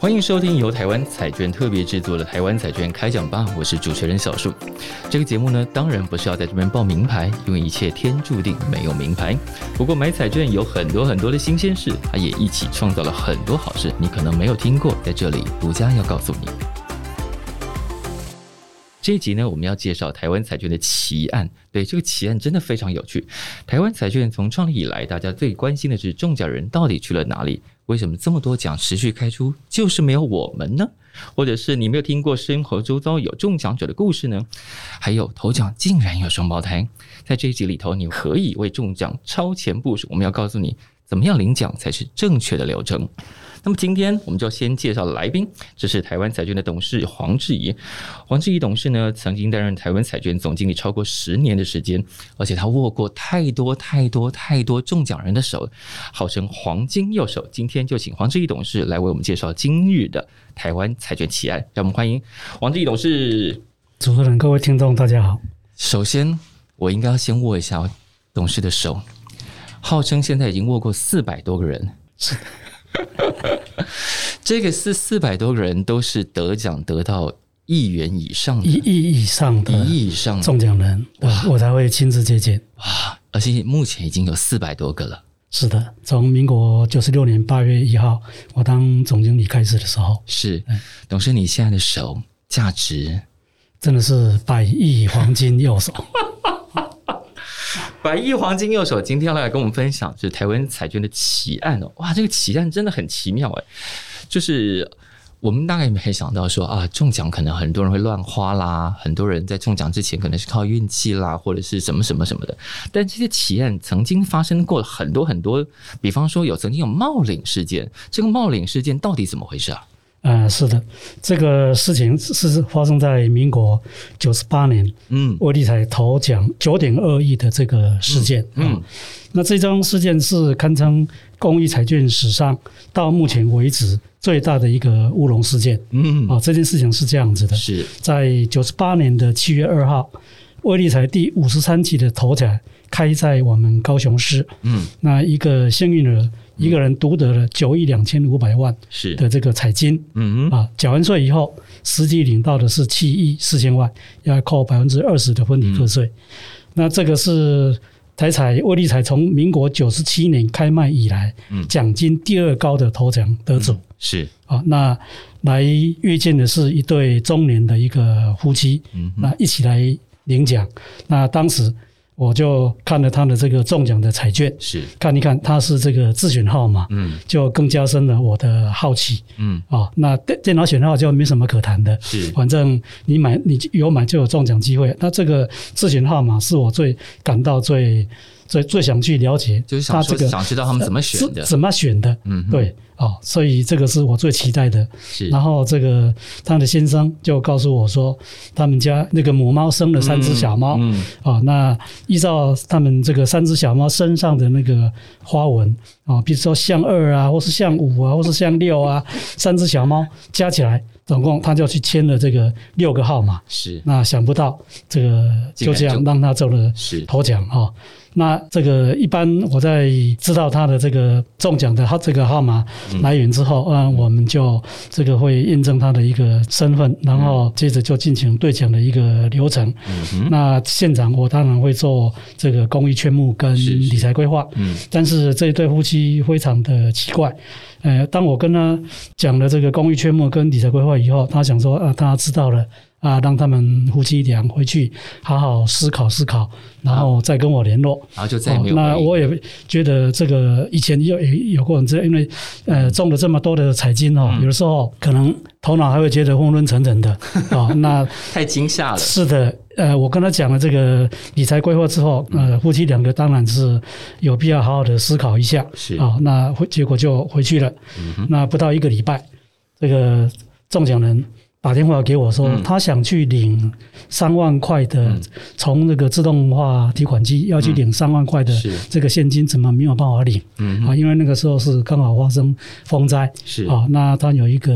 歡迎收聽由台灣彩券特別製作的《台灣彩券開講 BAR》，我是主持人小樹。這個節目呢，當然不是要在這邊報明牌，因為一切天注定沒有明牌。不過買彩券有很多很多的新鮮事，它也一起創造了很多好事，你可能沒有聽過，在這裡獨家要告訴你。這一集呢，我們要介紹台灣彩券的奇案。對，這個奇案，真的非常有趣。台灣彩券從創立以來，大家最關心的是中獎人到底去了哪裡？為什麼這麼多獎持續開出，就是沒有我們呢？或者是你沒有聽過生活周遭有中獎者的故事呢？還有頭獎竟然有雙胞胎，在這一集裡頭，你可以為中獎超前部署。我們要告訴你，怎麼樣領獎才是正確的流程？那麼今天我們就先介紹了來賓，這是台灣彩券的董事黃志宜。黃志宜董事呢，曾經擔任台灣彩券總經理超過十年的時間，而且他握過太多太多太多中獎人的手，號稱“黃金右手”。今天就請黃志宜董事來為我們介紹今日的台灣彩券奇案。讓我們歡迎黃志宜董事。主持人，各位聽眾，大家好。首先，我應該要先握一下董事的手。號稱現在已經握過四百多個人。是的 這個是四百多個人都是得獎得到億元以上，一億以上的，一億以上的中獎人哇，我才會親自接見。而且目前已經有四百多個了，是的。從民國九十六年八月一號，我當總經理開始的時候，是，嗯、董事，你現在的手價值真的是百億黃金右手。 百億黃金右手今天要來跟我們分享，是台灣彩券的奇案哦。哇，這個奇案真的很奇妙哎、欸！就是我們大概沒有想到說啊，中獎可能很多人會亂花啦，很多人在中獎之前可能是靠運氣啦，或者是什麼什麼什麼的。但這些奇案曾經發生過很多很多，比方說有曾經有冒領事件。這個冒領事件到底怎麼回事啊？呃，是的，這個事情是發生在民國九十八年，嗯，威力彩頭獎九點二億的這個事件嗯，嗯，嗯，那這樁事件是堪稱公益彩券史上到目前為止最大的一個烏龍事件嗯，嗯，啊，這件事情是這樣子的是，是在九十八年的七月二號，威力彩第五十三期的頭獎開在我們高雄市嗯，嗯，那一個幸運的。一個人獨得了九億兩千五百萬，是的，這個彩金，嗯啊，繳完稅以後實際領到的是七億四千萬，要扣百分之二十的分離課稅。嗯、那這個是台彩威力彩從民國九十七年開賣以來獎、嗯、金第二高的頭獎得主、嗯、是啊。那來遇見的是一對中年的一個夫妻，嗯、哼那一起來領獎。那當時。我就看了他的這個中獎的彩券，是看一看他是這個自選號碼，嗯，就更加深了我的好奇，嗯啊、哦，那電電腦選號就沒什麼可談的，是，反正你買你有買就有中獎機會，那這個自選號碼是我最感到最。最最想去了解，就是想說他、這個、想知道他們怎麼選的，呃、怎麼選的，嗯哼，對，哦，所以這個是我最期待的。是，然後這個他們的先生就告訴我說，他們家那個母貓生了三隻小貓、嗯，嗯，哦，那依照他們這個三隻小貓身上的那個花紋，啊、哦，比如說像二啊，或是像五啊，或是像六啊， 三隻小貓加起來。總共他就去簽了這個六個號碼，是，那想不到這個就這樣讓他中了頭獎哈、喔。那這個一般我在知道他的這個中獎的他這個號碼來源之後，啊、嗯，嗯、我們就這個會驗證他的一個身份，嗯、然後接着就進行兌獎的一個流程。嗯、那現場我當然會做這個公益勸募跟理財規劃，嗯，但是這一對夫妻非常的奇怪，呃，當我跟他講了這個公益勸募跟理財規劃。以後他想說啊，他知道了啊，讓他們夫妻倆回去好好思考思考，好然後再跟我聯絡，然後就再沒有、哦、那我也覺得這個以前有有過，這因為呃中了這麼多的彩金哦，嗯、有的時候可能頭腦還會覺得昏昏沉沉的啊、哦，那 太驚嚇了。是的，呃，我跟他講了這個理財規劃之後，呃，夫妻兩個當然是有必要好好的思考一下，啊是、哦，那結果就回去了。嗯、哼那不到一個禮拜，這個。中獎人打電話給我說，他想去領三萬塊的，從那個自動化提款機要去領三萬塊的這個現金，怎麼沒有辦法領？嗯啊，因為那個時候是剛好發生風災，是啊，那他有一個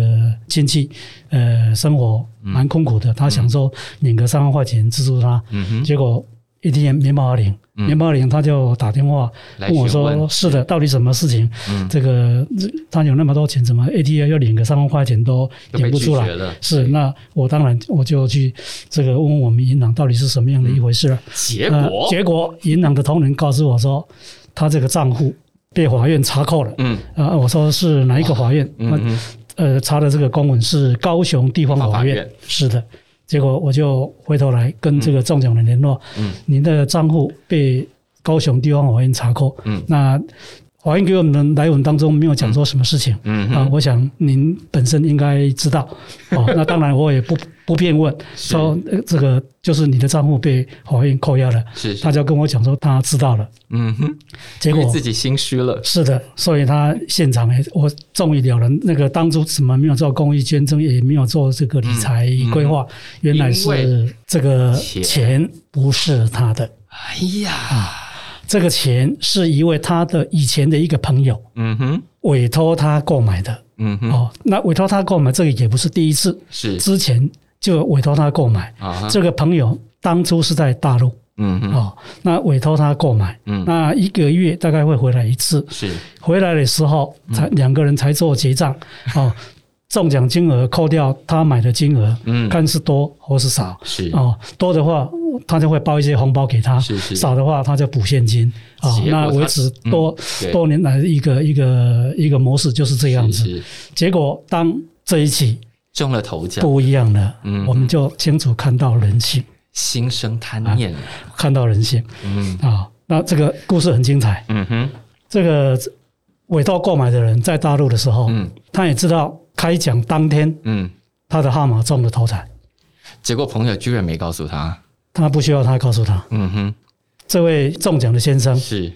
親戚，呃，生活蠻困苦的，他想說領個三萬塊錢資助他，嗯，結果。ATM 棉寶二零，棉寶二零，他就打電話問我說：“嗯、是的，到底什麼事情？嗯、這個他有那麼多錢，怎麼 ATM 要領個三萬塊錢都領不出來？是，對那我當然我就去這個問問我們銀行到底是什麼樣的一回事了。結果、嗯、結果，銀、呃、行的同仁告訴我說，他這個賬戶被法院查扣了。啊、嗯呃，我說是哪一個法院？他呃查的這個公文是高雄地方法院。法法院是的。”結果我就回頭來跟這個中獎人聯絡，嗯、您的賬戶被高雄地方法院查扣，嗯，那法院給我們來文當中沒有講說什麼事情，嗯、哼啊，我想您本身應該知道，嗯、哼哦，那當然我也不。 不便問是說這個就是你的賬戶被法院扣押了，是，是他就跟我講說他知道了，嗯哼，結果自己心虛了，是的，所以他現場我終於了了，那個當初怎麼沒有做公益捐贈，也沒有做這個理財規劃，嗯嗯、原來是這個錢不是他的，哎呀、啊，這個錢是一位他的以前的一個朋友，嗯哼，委託他購買的，嗯哼，哦，那委託他購買這個也不是第一次，是之前。就委託他購買，這個朋友當初是在大陸，嗯，哦，那委託他購買，嗯，那一個月大概會回來一次，是，回來的時候才兩個人才做結賬，哦，中獎金額扣掉他買的金額，嗯，看是多或是少，是，哦，多的話他就會包一些紅包給他，是是，少的話他就補現金，啊，那維持多多年來一個一個一個模式就是這樣子，結果當這一期。中了頭獎，不一樣的，嗯嗯，我們就清楚看到人性，心生貪念，啊，看到人性，嗯啊，那這個故事很精彩，嗯哼，這個委託購買的人在大陸的時候，嗯，他也知道開獎當天，嗯，他的號碼中了頭彩，結果朋友居然沒告訴他，他不需要他告訴他，嗯哼，這位中獎的先生是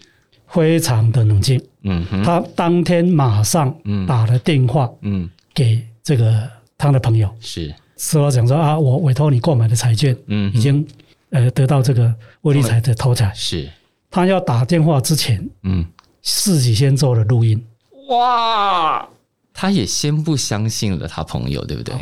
非常的冷靜，嗯哼，他當天馬上打了電話，嗯，給這個。他的朋友是，事後講說啊，我委托你購買的彩券，嗯，已經、嗯、哼呃得到這個威力彩的頭彩，是。他要打電話之前，嗯，自己先做了錄音，哇！他也先不相信了他朋友，對不對？哦、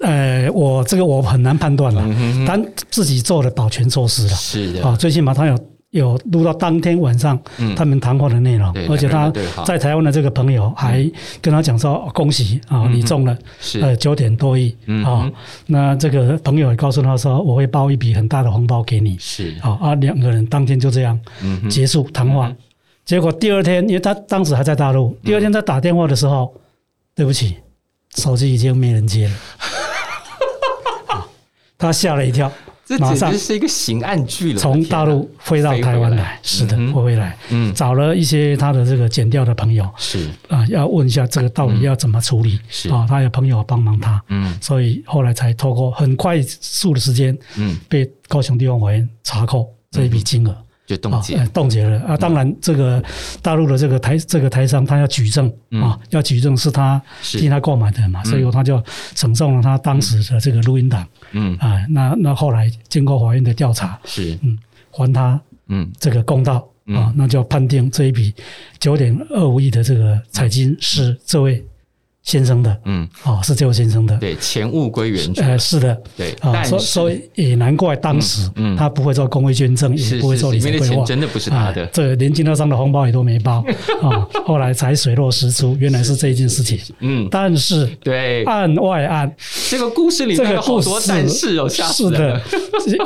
呃，我這個我很難判斷了，嗯、哼哼他自己做了保全措施了，是的。啊，最起碼他有。有錄到當天晚上，他們談話的內容，嗯、而且他在台灣的這個朋友還跟他講說：“恭喜啊、嗯哼哦，你中了，呃，九點多億啊。嗯哦”那這個朋友也告訴他說：“我會包一筆很大的紅包給你。是”是啊、哦，啊，兩個人當天就這樣結束談話。嗯嗯、結果第二天，因為他當時還在大陸，第二天他打電話的時候，嗯、對不起，手機已經沒人接了， 他嚇了一跳。這簡直是一個刑案劇了，從大陸飛到台灣來，來是的，回回來，嗯、找了一些他的這個檢調的朋友，是啊、呃，要問一下這個到底要怎麼處理，是啊，他有朋友幫忙他，嗯，所以後來才透過很快速的時間，嗯，被高雄地方法院查扣這一筆金額。嗯就凍結、哦、誒、凍結了啊！當然，這個大陸的這個台、嗯、這個台商，他要舉證、嗯、啊，要舉證是他替他購買的嘛，是所以他就呈送了他當時的這個錄音檔。嗯啊，那那後來經過法院的調查，是嗯還他嗯這個公道、嗯、啊，那就判定這一筆九點二五億的這個彩金是這位。先生的，嗯，哦，是這位先生的，對，錢物歸原主，呃，是的，對，啊，所所以也難怪當時，他不會做公益捐贈，也不會做裡面的錢真的不是他的，這連經銷商的紅包也都沒包，啊，後來才水落石出，原來是這一件事情，嗯，但是對案外案，這個故事裡面這個故事，有好多但是有是的，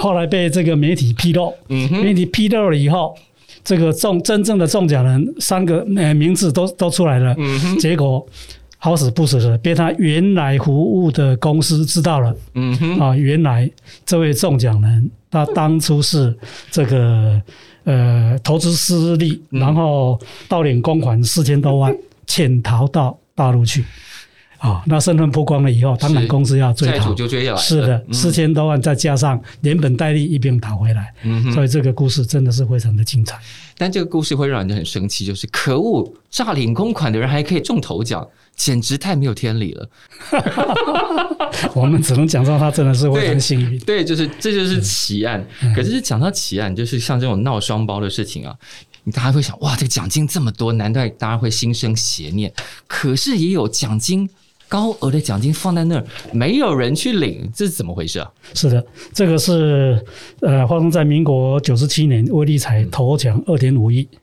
後來被這個媒體披露，嗯，媒體披露了以後，這個中真正的中獎人三個名字都都出來了，嗯，結果。好死不死的，被他原來服務的公司知道了。嗯啊，原來這位中獎人，他當初是這個呃投資失利，然後盜領公款四千多萬，潛逃到大陸去。哦，那身份曝光了以後，他們公司要追討，債主就追了，來。是的，四千，嗯、多萬再加上連本帶利一邊討回來，嗯、哼所以這個故事真的是非常的精彩，嗯。但這個故事會讓人很生氣，就是可惡，詐領公款的人還可以中頭獎，簡直太沒有天理了。 我們只能講到他真的是會很幸運。 對，就是這就是奇案。嗯嗯，可是講到奇案，就是像這種鬧雙包的事情啊，你大家會想，哇，這個獎金這麼多，難道大家會心生邪念？可是也有獎金。高額的獎金放在那兒，沒有人去領，這是怎麼回事啊？是的，這個是呃，發生在民國九十七年威力彩頭獎二點五億，嗯、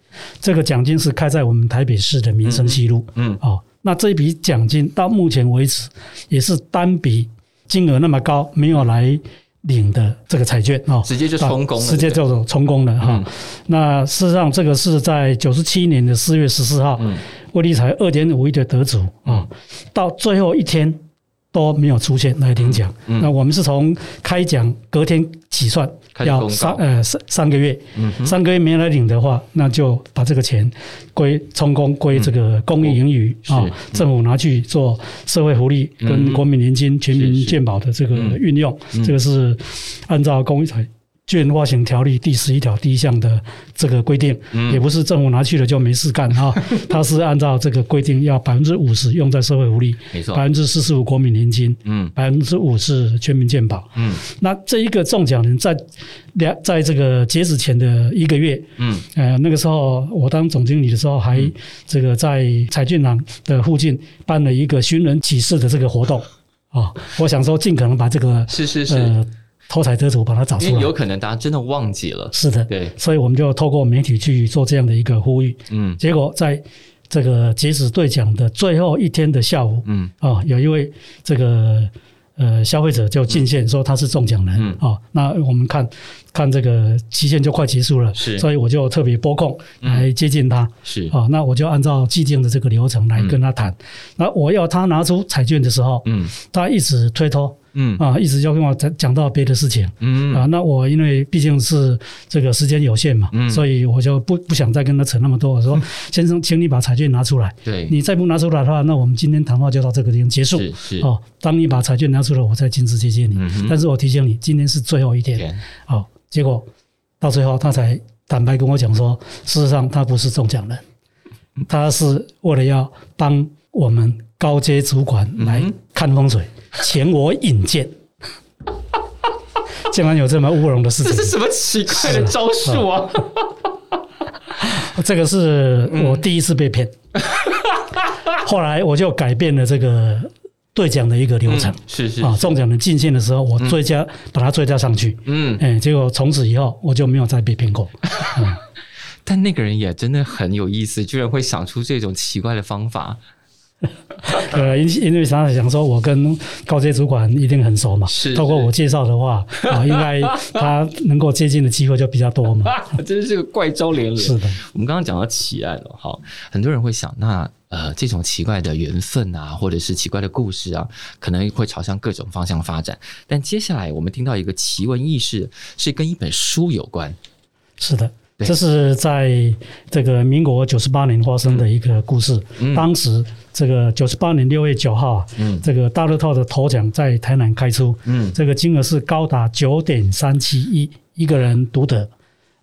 這個獎金是開在我們台北市的民生西路。嗯，好、嗯哦，那這一筆獎金到目前為止也是單筆金額那麼高，沒有來。領的這個彩券啊、喔，直接就成功了，直接就充公了哈、喔。嗯、那事實上，這個是在九十七年的四月十四號，嗯，威力彩二點五億的得主啊、喔，到最後一天都沒有出現來領獎。那我們是從開獎隔天起算。要三呃三三個月，嗯、哼 三個月沒來領的話，那就把這個錢歸充公歸這個公益盈餘啊，公是 政府拿去做社會福利跟國民年金全民健保的這個運用，這個是按照公益財。《券發行條例》第十一條第一項的這個規定，也不是政府拿去了就沒事幹啊，它是按照這個規定要，要百分之五十用在社會福利沒錯，沒錯，百分之四十五國民年金，嗯，百分之五是全民健保，嗯，那這一個中獎人，在兩，在這個截止前的一個月，嗯，那個時候我當總經理的時候，還這個在彩券行的附近辦了一個尋人啟事的這個活動啊、哦，我想說盡可能把這個、呃、是是是。頭彩得主把他找出來，因為有可能大家真的忘記了。是的，對，所以我們就透過媒體去做這樣的一個呼籲。嗯，結果在這個截止兌獎的最後一天的下午，嗯，啊，有一位這個呃消費者就進線說他是中獎人。嗯，那我們看，看這個期限就快結束了，是，所以我就特別撥空來接近他。是，那我就按照既定的這個流程來跟他談。那我要他拿出彩券的時候，嗯，他一直推脫。嗯啊，一直要跟我講講到別的事情。嗯啊，那我因為畢竟是這個時間有限嘛，嗯，所以我就不不想再跟他扯那麼多。我說：“先生，請你把彩券拿出來。對、嗯，你再不拿出來的話，那我們今天談話就到這個地方結束。是、是哦，當你把彩券拿出來，我再親自接見你。嗯哼，但是我提醒你，今天是最後一天。好、嗯哦，結果到最後，他才坦白跟我講說，事實上他不是中獎人，他是為了要幫我們高階主管來看風水。嗯”請我引薦，竟然有這麼烏龍的事情！這是什麼奇怪的招數啊,啊？ 這個是我第一次被騙，嗯、後來我就改變了這個兌獎的一個流程。嗯、是是,是啊，中獎的進線的時候，我追加、嗯、把它追加上去。嗯、欸，結果從此以後我就沒有再被騙過。嗯、但那個人也真的很有意思，居然會想出這種奇怪的方法。呃， 因為常想想，說，我跟高階主管一定很熟嘛。是，透過我介紹的話，啊，應該他能夠接近的機會就比較多嘛。真是個怪招連連。是的，我們剛剛講到奇案了，哈，很多人會想，那呃，這種奇怪的緣分啊，或者是奇怪的故事啊，可能會朝向各種方向發展。但接下來，我們聽到一個奇聞異事，是跟一本書有關。是的，這是在這個民國九十八年發生的一個故事，當時。這個九十八年六月九號啊，嗯、這個大樂透的頭獎在台南開出，嗯、這個金額是高達九點三七億一個人獨得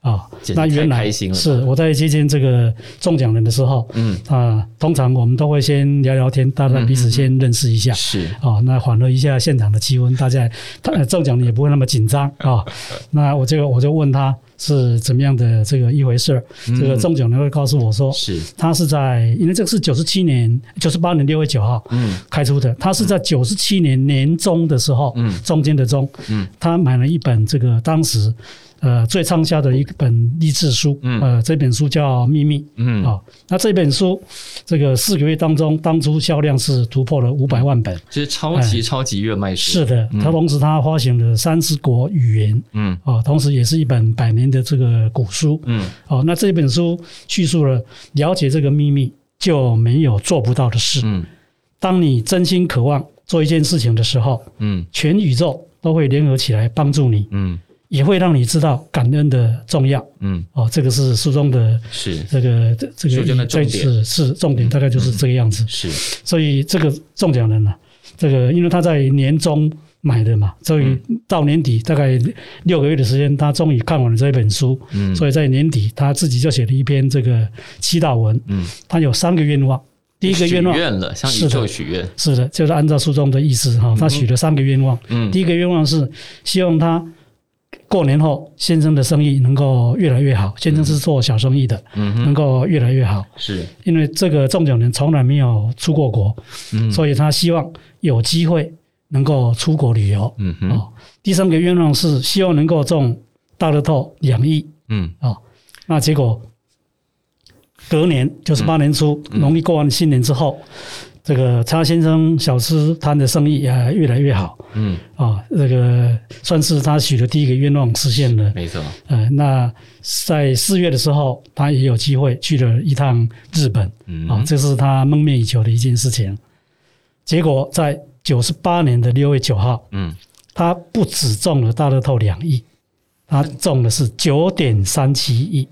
啊。那、哦、真實 原來是我在接見這個中獎人的時候，啊、嗯呃，通常我們都會先聊聊天，大家彼此先認識一下，嗯、是啊、哦，那緩和一下現場的氣氛，大家中獎也不會那麼緊張啊、哦。那我就我就問他。是怎麼樣的這個一回事？這個中獎人呢會告訴我說，是，他是在，因為這個是九十七年、九十八年六月九號，嗯開出的，他是在九十七年年中的時候，中間的中，他買了一本這個當時。呃，最暢銷的一本勵志書，呃，這本書叫《秘密》。嗯，啊、哦，那這本書這個四個月當中，當初銷量是突破了五百萬本，這是、嗯、超級超級熱賣書。呃嗯、是的，它同時它發行了三十國語言。嗯，啊、哦，同時也是一本百年的這個古書。嗯，哦，那這本書敘述了了解這個秘密就沒有做不到的事。嗯，當你真心渴望做一件事情的時候，嗯，全宇宙都會聯合起來幫助你。嗯。也會讓你知道感恩的重要，嗯，哦，這個是書中的，是這個這個書中的重點，是重點，大概就是這個樣子。是，所以這個中獎人呢，這個因為他在年中買的嘛，所以到年底大概六個月的時間，他終於看完了這一本書，嗯，所以在年底他自己就寫了一篇這個祈禱文，嗯，他有三個願望，第一個願望，許願了，向宇宙許願，是的，就是按照書中的意思哈，他許了三個願望，嗯，第一個願望是希望他。過年後，先生的生意能夠越來越好。先生是做小生意的，能夠越來越好。是因為這個中獎人從來沒有出過國，所以他希望有機會能夠出國旅遊。第三個願望是希望能夠中大樂透兩億。嗯，那結果隔年，九十八年初，農曆過完新年之後。這個叉先生小吃攤的生意也、啊、越來越好，嗯啊，哦、這個算是他許的第一個願望實現了。沒錯，呃、那在四月的時候，他也有機會去了一趟日本，嗯，哦、這是他夢寐以求的一件事情。結果在九十八年的六月九號，嗯，他不止中了大樂透兩億，他中的是九點三七億。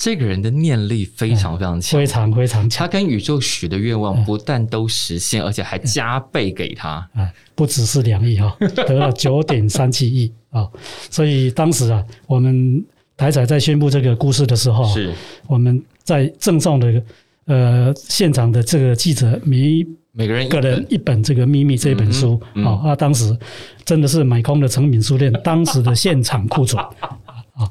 這個人的念力非常非常強，哎、非常非常強，他跟宇宙許的願望不但都實現，哎、而且還加倍給他，哎、不只是兩億哈，得了九點三七億啊！ 所以當時啊，我們台彩在宣布這個故事的時候，是我們在贈送的呃現場的這個記者每每個人個人一本這個《秘密》這本書，嗯嗯、啊，他當時真的是買空的誠品書店 當時的現場庫存 啊。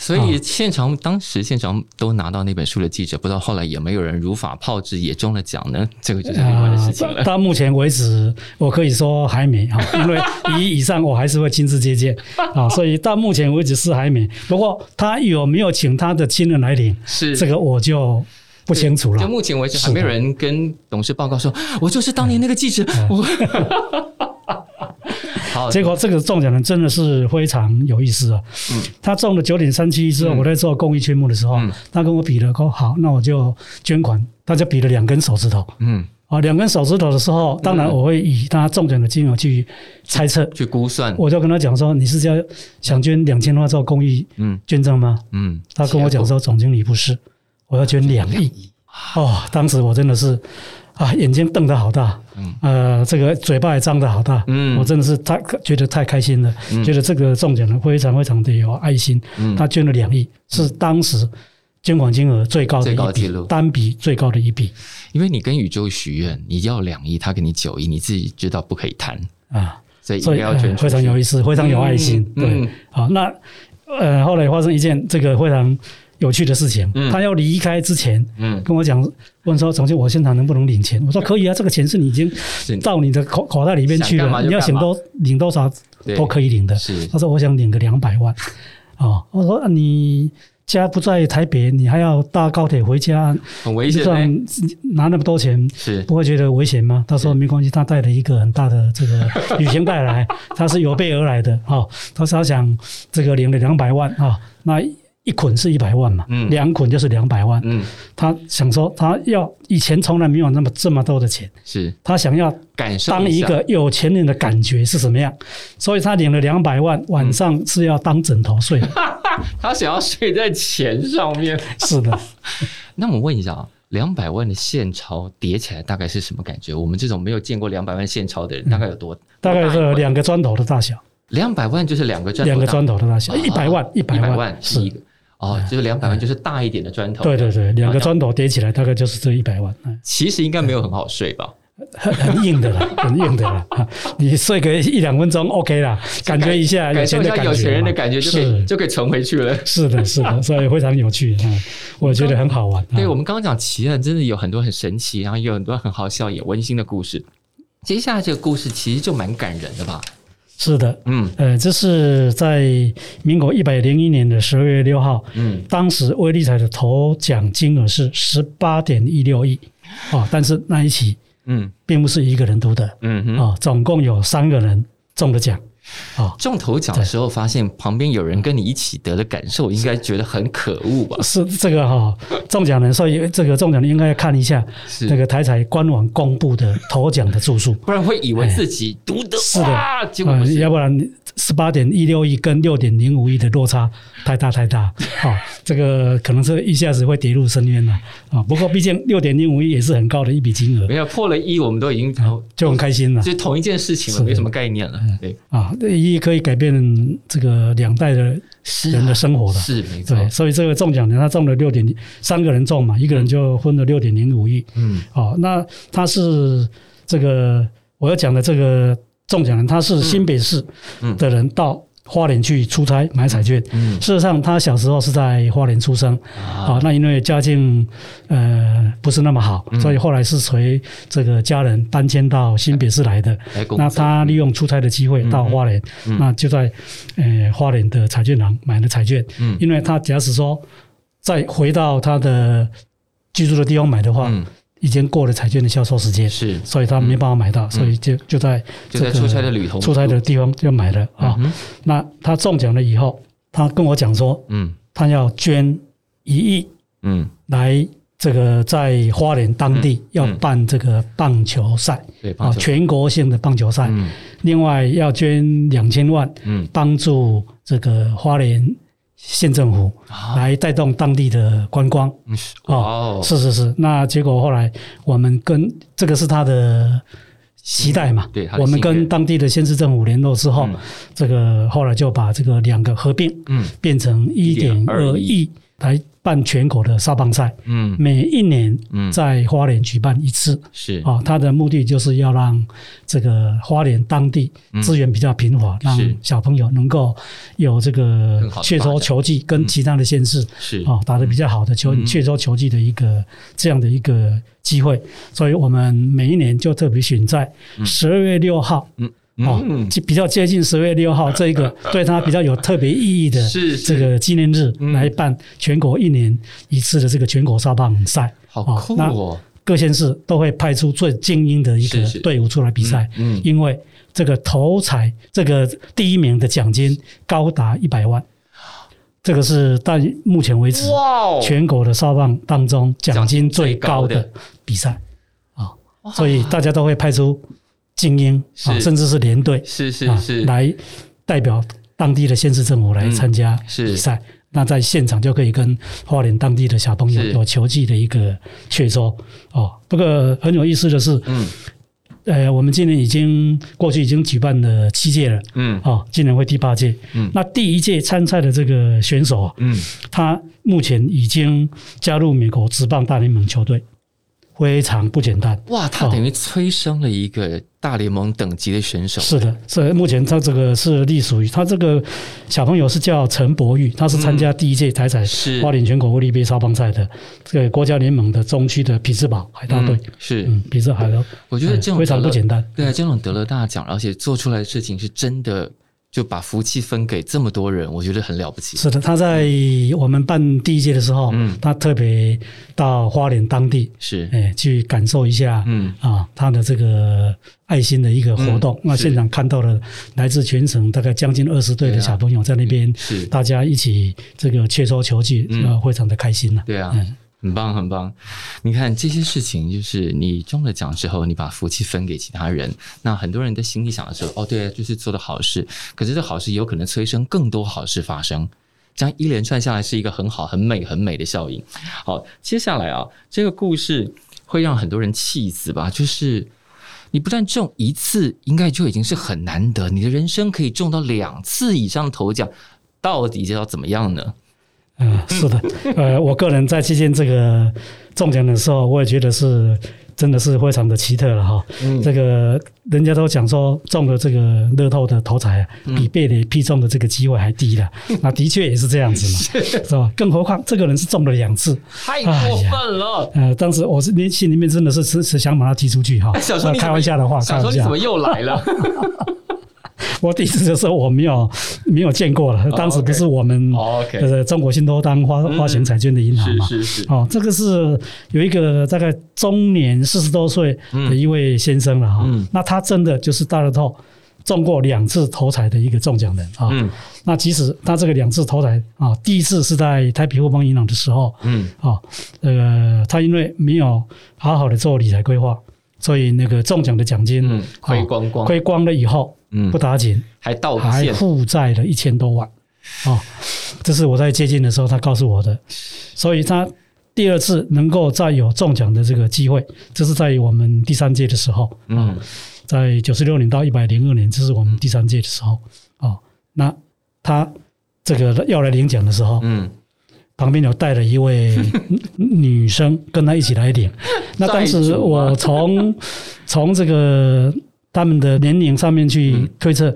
所以現場、啊、當時現場都拿到那本書的記者，不知道後來有沒有人如法炮製也中了獎呢？這個就是另外的事情了、啊。到目前為止，我可以說還沒哈，因為以以上我還是會親自接見 啊，所以到目前為止是還沒。不過他有沒有請他的親人來領？是 這個我就不清楚了。就目前為止，還沒有人跟董事報告說，是的啊、我就是當年那個記者。嗯、我。 結果這個中獎人真的是非常有意思啊！嗯、他中了九點三七之後，我在做公益勸募的時候，他跟我比了，說、嗯：“好，那我就捐款。”他就比了兩根手指頭，嗯，啊，兩根手指頭的時候，嗯、當然我會以他中獎的金額去猜測、去估算。我就跟他講說：“你是要想捐兩千萬做公益嗯，嗯，捐贈嗎？”嗯，他跟我講說：“總經理不是，我要捐兩億。”哦，當時我真的是。啊，眼睛瞪得好大，呃，這個嘴巴也張得好大，嗯，我真的是太覺得太開心了，覺得這個中獎人非常非常的有愛心，他捐了兩億，是當時捐款金額最高的一個記錄，單筆最高的一筆。因為你跟宇宙許願，你要兩億，他給你九億，你自己知道不可以貪啊，所以所以非常有意思，非常有愛心，對。好，那呃，後來發生一件這個非常。有趣的事情，嗯、他要離開之前，跟我講，問說：“總經理，我現場能不能領錢？”嗯、我說：“可以啊，這個錢是你已經到你的口口袋裡面去了，想嘛嘛你要想多領多少都可以領的。”是他說：“我想領個兩百萬。”哦，我說：“啊、你家不在台北，你還要搭高鐵回家，很危險、欸。”拿那麼多錢，是不會覺得危險嗎？他說：“沒關係，他帶了一個很大的這個旅行袋來，他 是有備而來的。哦”哈，他說：“他想這個領了兩百萬啊、哦，那。”一捆是一百萬嘛，嗯、兩捆就是兩百萬。嗯，他想說他要以前從來沒有那麼這麼多的錢，是。他想要當一個有錢人的感覺是什麼樣，所以他領了兩百萬，嗯、晚上是要當枕頭睡。他想要睡在錢上面。是的。那我問一下啊，兩百萬的現鈔疊起來大概是什麼感覺？我們這種沒有見過兩百萬現鈔的人，大概有多大？嗯、大概是兩個磚頭的大小。兩百萬就是兩個磚兩個磚頭的大小。一百萬，一百萬是一個。哦，就是兩百萬，就是大一點的磚頭。對對對，兩講個磚頭疊起來大概就是這一百萬。其實應該沒有很好睡吧？ 很硬的啦，很硬的啦。 你睡個一兩分鐘，OK 啦，感，感覺一下有錢感覺，感受一下有錢人的感覺，就可以就可以存回去了。是的，是的，是的，所以非常有趣， 啊、我覺得很好玩。對、啊、對我們剛剛講，奇案真的有很多很神奇、啊，然後有很多很好笑也溫馨的故事。接下來這個故事其實就蠻感人的吧。是的，嗯，呃，這是在民國一百零一年的十二月六號，嗯，當時威力彩的頭獎金額是十八點一六億，啊、哦，但是那一期，嗯，並不是一個人獨得嗯，啊、哦，總共有三個人中了獎。哦，中頭獎的時候，發現旁邊有人跟你一起得的感受，應該覺得很可惡吧？哦、是這個哈、哦，中獎人。所以這個中獎的應該要看一下那個台彩官網公布的頭獎的注數，不然會以為自己獨得、哎、是的，不是要不然。十八點一六億跟六點零五億的落差太大太大，好、 哦，這個可能是一下子會跌入深淵了啊、哦！不過畢竟六點零五億也是很高的一筆金額，沒有破了一，我們都已經、嗯、就很開心了。就同一件事情了，是沒什麼概念了，對、嗯、啊，一億可以改變這個兩代的人的生活的，是、啊、是沒錯。所以這個中獎的他中了六點，三個人中嘛，一個人就分了六點零五億，嗯，好、哦，那他是這個我要講的這個。中獎人他是新北市的人，到花蓮去出差買彩券。事實上，他小時候是在花蓮出生。啊，那因為家境呃不是那麼好，所以後來是隨這個家人搬遷到新北市來的。那他利用出差的機會到花蓮，那就在呃花蓮的彩券行買了彩券。嗯，因為他假使說再回到他的居住的地方買的話，嗯。已經過了彩券的銷售時間，是，所以他沒辦法買到，嗯、所以就就在在出差的旅途，出差的地方就買了啊。嗯、那他中獎了以後，他跟我講說，嗯，他要捐一億，嗯，來這個在花蓮當地要辦這個棒球賽，啊、嗯，嗯、全國性的棒球賽，嗯、另外要捐兩千萬，嗯，幫助這個花蓮。縣政府來帶動當地的觀光，哦，哦哦，是是是。那結果後來我們跟這個是他的期待嘛？嗯、對，我們跟當地的縣市政府聯絡之後，嗯、這個後來就把這個兩個合併，嗯，變成一點二億來。辦全國的沙棒賽，嗯，每一年在花蓮舉辦一次，嗯、是啊、哦，它的目的就是要讓這個花蓮當地資源比較貧乏，嗯、讓小朋友能夠有這個切磋球技跟其他的縣市、嗯、是啊、哦、打得比較好的球，切磋、嗯、球技的一個這樣的一個機會，所以我們每一年就特別選在十二月六號嗯，嗯。哦，就、嗯、比較接近十月六號這一個對他比較有特別意義的這個紀念日，來辦全國一年一次的這個全國沙棒賽。好酷哦，那哦！各縣市都會派出最精英的一個隊伍出來比賽，嗯，因為這個頭彩，這個第一名的獎金高達一百萬，這個是到目前為止全國的沙棒當中獎金最高的比賽啊，所以大家都會派出。精英啊，甚至是連隊是是是、啊、來代表當地的縣市政府來參加比賽，嗯、那在現場就可以跟花蓮當地的小朋友有球技的一個切磋是哦。不過很有意思的是，嗯，呃，我們今年已經過去已經舉辦了七屆了，嗯，啊、哦，今年會第八屆，嗯，那第一屆參賽的這個選手、啊，嗯，他目前已經加入美國職棒大聯盟球隊。非常不簡單哇！他等於催生了一個大聯盟等級的選手。嗯、是的，是的，目前他這個是隸屬於他，這個小朋友是叫陳博玉，他是參加第一屆台彩是花蓮全國威力杯少棒賽的、嗯、這個國家聯盟的中區的匹茲堡海盜隊是嗯，匹茲堡海盜。嗯、堡我覺得這種得非常不簡單，對這種得了大獎，而且做出來的事情是真的。就把福氣分給這麼多人，我覺得很了不起。是的，他在我們辦第一屆的時候，嗯、他特別到花蓮當地是哎、欸、去感受一下，嗯啊他的這個愛心的一個活動，嗯、那現場看到了來自全省大概將近二十對的小朋友在那邊、啊嗯，是大家一起這個切磋球技，呃、嗯，非常的開心啊對啊。嗯很棒，很棒！你看這些事情，就是你中了獎之後，你把福氣分給其他人，那很多人的心裡想的時候，哦，對啊，就是做的好事。可是這好事有可能催生更多好事發生，這樣一連串下來是一個很好、很美、很美的效應。好，接下來啊，這個故事會讓很多人氣死吧？就是你不但中一次，應該就已經是很難得，你的人生可以中到兩次以上頭獎，到底要怎麼樣呢？啊，嗯呃、是的， 呃，我個人在期間這個中獎的時候，我也覺得是真的是非常的奇特了哈。嗯、這個人家都講說，中了這個樂透的頭彩，比被雷劈中的這個機會還低了。那的確也是這樣子嘛， 是吧？更何況這個人是中了兩次，太過分了。哎、呃，當時我是連心裡面真的是遲遲想把他踢出去哈。欸、你開玩笑的話，想說你怎麼又來了？ 我第一次的時候我沒有沒有見過了，oh, okay. 當時不是我們、oh, okay. 呃、中國信託當发發行彩券的銀行嘛？是是、嗯、是，是是哦，這個是有一個大概中年四十多歲的一位先生了哈、嗯嗯哦，那他真的就是大樂透中過兩次頭彩的一個中獎人啊。哦嗯、那其實他這個兩次頭彩啊、哦，第一次是在台北富邦銀行的時候，嗯，啊、哦，呃，他因為沒有好好的做理財規劃，所以那個中獎的獎金嗯虧光光虧光了以後。嗯，不打緊還倒貼，還負債了一千多萬，啊、哦。這是我在接近的時候他告訴我的，所以他第二次能夠再有中獎的這個機會，這是在我們第三屆的時候，嗯，嗯，在九十六年到一百零二年，這是我們第三屆的時候，哦，那他這個要來領獎的時候，嗯，旁邊有帶了一位女生跟他一起來領， 那當時我從從 這個。他們的年齡上面去推測，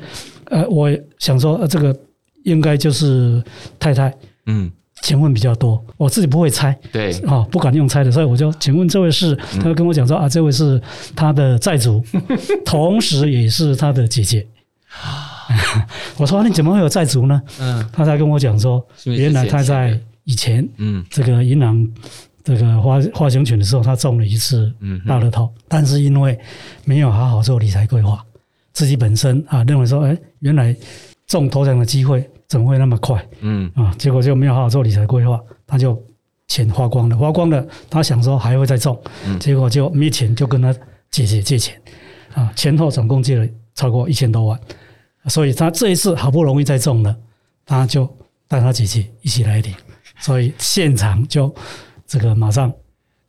嗯、呃，我想說，呃、啊，這個應該就是太太，嗯，請問比較多，我自己不會猜，對，啊、哦，不敢用猜的，所以我就請問這位是，他、嗯、就跟我講說啊，這位是他的債主，嗯、同時也是他的姐姐， 我說、啊、你怎麼會有債主呢？嗯，他才跟我講說，是是姐姐姐原來他在以前，嗯，這個銀行。這個花花熊犬的時候，他中了一次大樂透，嗯、哼但是因為沒有好好做理財規劃，嗯、哼自己本身啊認為說，哎、欸，原來中頭獎的機會怎麼會那麼快？嗯啊，結果就沒有好好做理財規劃，他就錢花光了，花光了。他想說還會再中，嗯、結果就沒錢，就跟他姐姐借錢啊，前後總共借了超過一千多萬。所以他這一次好不容易再中了，他就帶他姐姐一起來領，所以現場就。這個馬上，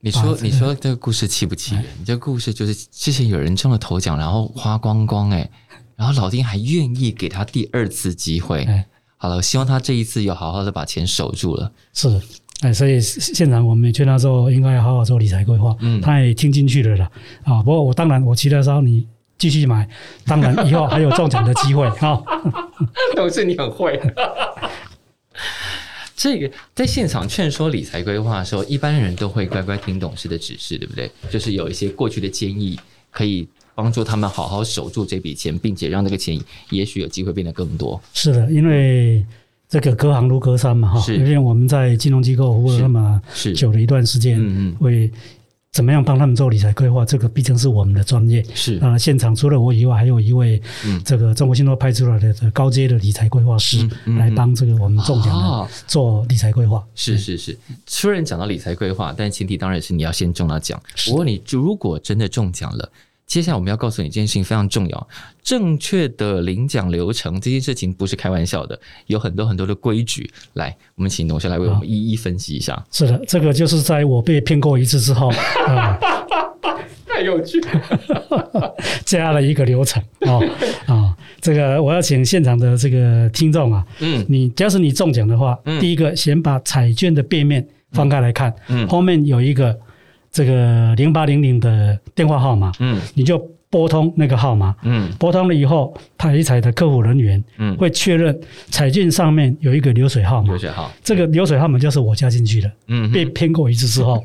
你說把你說這個故事氣不氣人？哎、你這故事就是之前有人中了頭獎，然後花光光、欸，哎，然後老丁還願意給他第二次機會。哎、好了，我希望他這一次有好好的把錢守住了。是，哎，所以現場我們也勸他說，應該要好好做理財規劃。嗯，他也聽進去了啦。啊、哦，不過我當然，我期待說你繼續買，當然以後還有中獎的機會。哈，老師你很會。 這個在現場勸說理財規劃的時候，一般人都會乖乖聽董事的指示，對不對？就是有一些過去的建議，可以幫助他們好好守住這筆錢，並且讓這個錢也許有機會變得更多。是的，因為這個隔行如隔山嘛，哈是。因為我們在金融機構過了那麼久的一段時間，嗯嗯。怎麼樣幫他們做理財規劃？這個畢竟是我們的專業。是啊、呃，現場除了我以外，還有一位這個中國信托派出來的高階的理財規劃師來幫這個我們中獎的做理財規劃。是是是，對雖然講到理財規劃，但前提當然是你要先中到獎。我問你如果真的中獎了。接下來我們要告訴你一件事情非常重要，正確的領獎流程這件事情不是開玩笑的，有很多很多的規矩。來，我們請董事來為我們一一分析一下、嗯。是的，這個就是在我被騙過一次之後，嗯、 太有趣，這樣的一個流程啊啊、哦哦！這個我要請現場的這個聽眾啊，嗯，你假設你中獎的話，嗯、第一個先把彩券的背面翻開來看，嗯，嗯後面有一個。這個零八零零的電話號碼，嗯，你就撥通那個號碼，嗯，撥通了以後，台彩的客服人員，嗯，會確認彩券上面有一個流水號碼，流水號，這個流水號碼就是我加進去的，嗯，被騙過一次之後，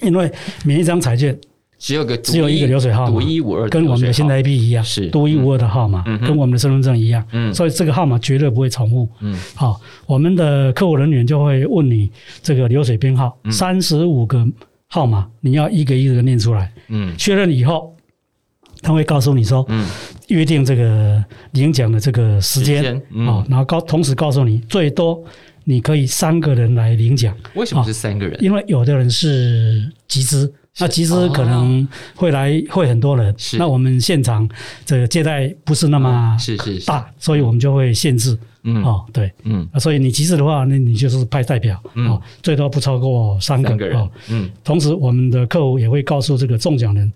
因為每一張彩券只有個只有一個流水號，獨一無二，跟我們的新台幣一樣，是獨一無二的號碼，跟我們的身份證一樣，嗯，所以這個號碼絕對不會重複，嗯，好，我們的客服人員就會問你這個流水編號，三十五個。號碼，你要一個一個的念出來。嗯，確認以後，他會告訴你說，嗯，約定這個領獎的這個時間，嗯，然後告同時告訴你，最多你可以三個人來領獎。為什麼是三個人？因為有的人是集資，那集資可能會來會很多人，那我們現場這個接待不是那麼大，所以我們就會限制。嗯啊、哦、對，嗯所以你集資的話，那你就是派代表，嗯、哦、最多不超過三個啊，嗯。同時，我們的客服也會告訴這個中獎人，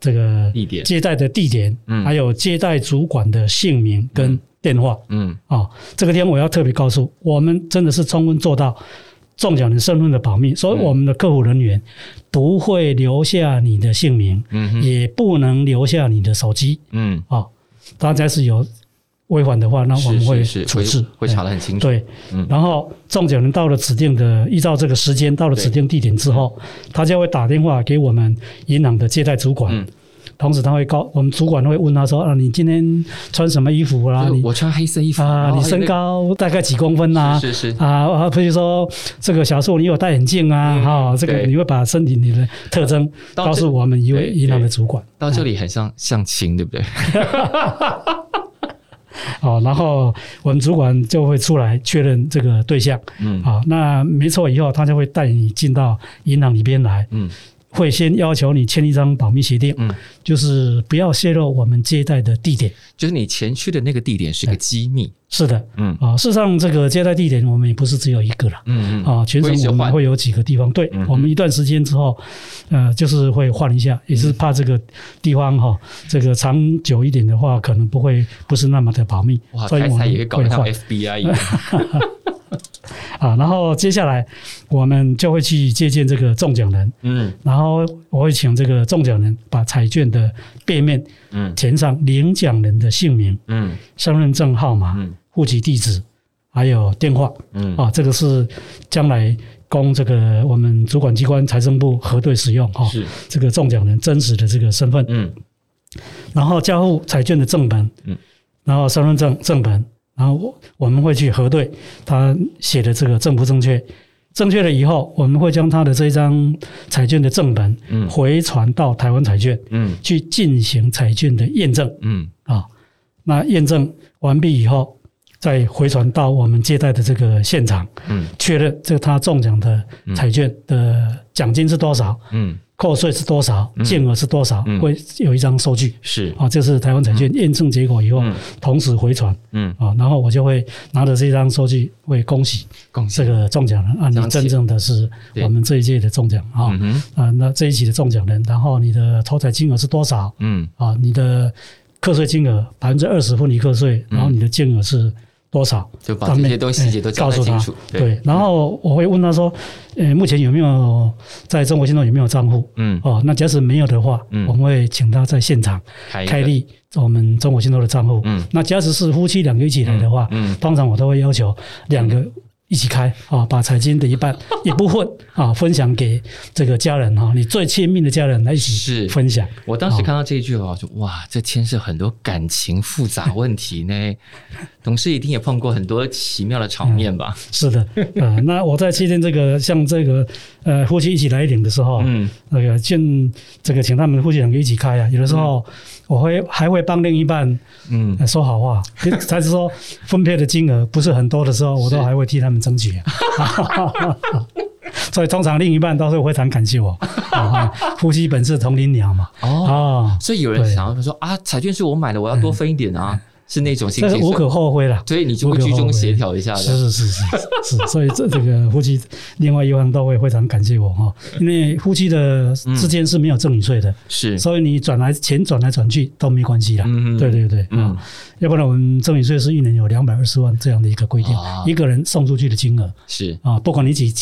這個地點、接待的地點，嗯，還有接待主管的姓名跟電話，嗯啊、嗯哦。這個天我要特別告訴，我們真的是充分做到中獎人身份的保密，所以我們的客服人員不會留下你的姓名，嗯哼，也不能留下你的手機，嗯啊，大家、哦、是有。違反的話，那我們會處置，會查得很清楚。對，然後中獎人到了指定的，依照這個時間到了指定地點之後，他就會打電話給我們銀行的接待主管，同時他會告我們主管會問他說：“啊，你今天穿什麼衣服啦？我穿黑色衣服啊。你身高大概幾公分啊？是是啊，比如說這個小樹，你有戴眼鏡啊？哈，這個你會把身體裡的特徵告訴我們一位銀行的主管。到這裡很像相親，對不對？”好，然後我們主管就會出來確認這個對象，嗯，好，啊，那沒錯以後他就會帶你進到銀行裡邊來，嗯。會先要求你簽一張保密協定，嗯，就是不要洩露我們接待的地點，就是你前去的那個地點是一個機密，嗯，是的，嗯啊，事實上這個接待地點我們也不是只有一個了，嗯嗯啊，全程我們會有幾個地方，對，我們一段時間之後，呃，就是會換一下，嗯嗯，也是怕這個地方哈，這個長久一點的話，可能不會不是那麼的保密，哇，所以我們也搞得像 FBI 一樣，哈啊，然後接下來我們就會去接見這個中獎人，嗯，然後。我會請這個中獎人把彩券的背面，嗯，填上領獎人的姓名，嗯，嗯嗯身份證號碼，嗯，戶籍地址，還有電話，嗯，啊、哦，這個是將來供這個我們主管機關財政部核對使用哈，哦、是這個中獎人真實的這個身份，嗯，然後交付彩券的正本，嗯，然後身份證正本，然後我我們會去核對他寫的這個正不正確。正確了以後，我們會將他的這張彩券的正本，回傳到台灣彩券，嗯，去進行彩券的驗證，嗯，啊，那驗證完畢以後，再回傳到我們接待的這個現場，嗯，確認這他中獎的彩券的獎金是多少，嗯。扣稅是多少，金額是多少，嗯、會有一張收據。嗯、是啊，這是台灣彩券驗證結果以後，嗯嗯、同時回傳。嗯，嗯啊，然後我就會拿着這張收據，會恭喜這個中獎人喜啊，你真正的是我們這一屆的中獎啊、嗯、哼啊，那這一期的中獎人，然後你的投彩金額是多少？嗯啊，你的課稅金額百分之二十分離課稅，然後你的金額是。多少就把這些東西面告訴他。對，然後我會問他說：“呃，目前有沒有在中國信託有沒有賬戶？”嗯，哦，那假使沒有的話，嗯，我們會請他在現場開立我們中國信託的賬戶。嗯，那假使是夫妻兩個一起來的話，嗯，嗯，通常我都會要求兩個。一起開啊，把財經的一半也不混啊， 分享給這個家人哈，你最親密的家人來一起是分享是。我當時看到這一句話，說、哦、哇，這牽涉很多感情複雜問題呢。 董事一定也碰過很多奇妙的場面吧？嗯、是的，嗯、 呃，那我在期間，這個像這個呃夫妻一起來一點的時候，嗯，那個見這個請他們夫妻兩個一起開啊，有的時候。嗯我會還會幫另一半，嗯，說好話，嗯、才是說分配的金額不是很多的時候，我都還會替他們爭取、啊。是 所以通常另一半都是非常感謝我，夫、啊、妻本是同林鳥嘛、哦。所以有人想要說對啊，彩券是我買的，我要多分一點啊。嗯是那種形式，但是無可厚非了，所以你就會居中協調一下的，是是是是 是，所以這這個夫妻另外一方都會，非常感謝我哈，因為夫妻的之間是沒有贈與稅的、嗯，是，所以你轉來錢轉來轉去都沒關係了，嗯嗯哼，對對對，嗯，要不然我們贈與稅是一年有兩百二十萬這樣的一個規定，啊、一個人送出去的金額是啊，不管你幾。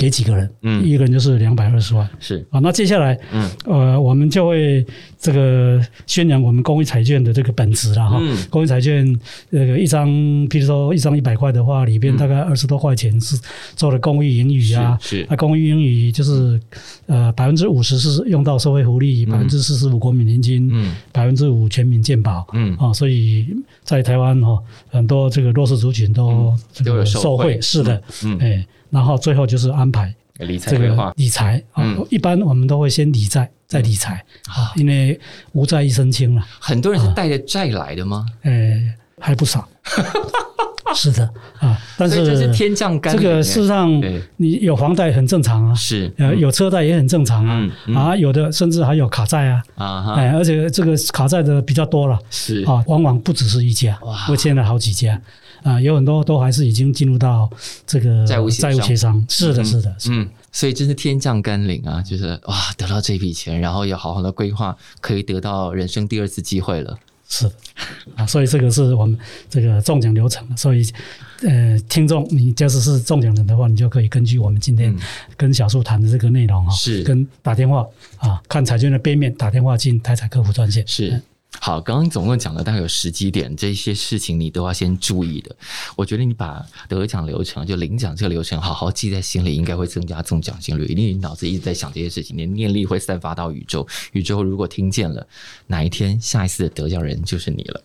給幾個人？嗯，一個人就是兩百二十萬。嗯、是啊，那接下來，嗯，呃，我們就會這個宣揚我們公益彩券的這個本質了哈。嗯、公益彩券那個一張，比如說一張一百塊的話，裡邊大概二十多塊錢是做的公益盈餘啊是。是，那、啊、公益盈餘就是呃百分之五十是用到社會福利，百分之四十五國民年金，嗯，百分之五全民健保，嗯啊、哦，所以在台灣哦，很多這個弱勢族群都都有受惠。是的，嗯，嗯欸然後最後就是安排，理財規劃理財啊，一般我們都會先理債再理財啊，因為無債一身輕了。很多人是帶着債來的嗎？哎，還不少，是的啊。但是這是天降甘霖，這個事實上你有房貸很正常啊，是呃有車貸也很正常啊啊，有的甚至還有卡債啊啊，哎，而且這個卡債的比較多了，是啊，往往不只是一家，我欠了好幾家。啊，有很多都還是已經進入到這個債務債務協商，是，是的，是的，嗯，嗯，所以真是天降甘霖啊，就是哇，得到這筆錢，然後要好好的規劃，可以得到人生第二次機會了。是的，啊，所以這個是我們這個中獎流程，所以呃，聽眾，你就是是中獎人的話，你就可以根據我們今天跟小樹談的這個內容啊，是、嗯、跟打電話啊，看彩券的背面，打電話進台彩客服專線是。好，剛剛總共講了大概有十幾點，這些事情你都要先注意的。我覺得你把得獎流程，就領獎這個流程，好好記在心裡，應該會增加中獎幾率。因為你腦子一直在想這些事情，你的念力會散發到宇宙，宇宙如果聽見了，哪一天下一次的得獎人就是你了。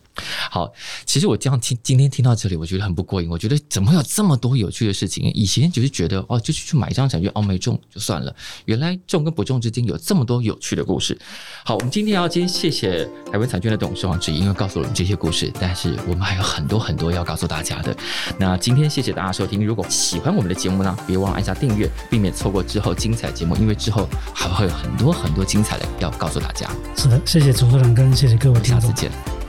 好，其實我這樣聽，今天聽到這裡，我覺得很不過癮。我覺得怎麼會有這麼多有趣的事情？以前只是覺得哦，就是去買一張獎券，哦，沒中就算了。原來中跟不中之間有這麼多有趣的故事。好，我們今天要先謝謝海文君的董事黃志宜，因為告訴了我們這些故事，但是我們還有很多很多要告訴大家的。那今天謝謝大家收聽，如果喜歡我們的節目呢，別忘了按下訂閱，避免錯過之後精彩的節目。因為之後還會有很多很多精彩的要告訴大家。是的，謝謝主持人，跟謝謝各位聽眾，下次見。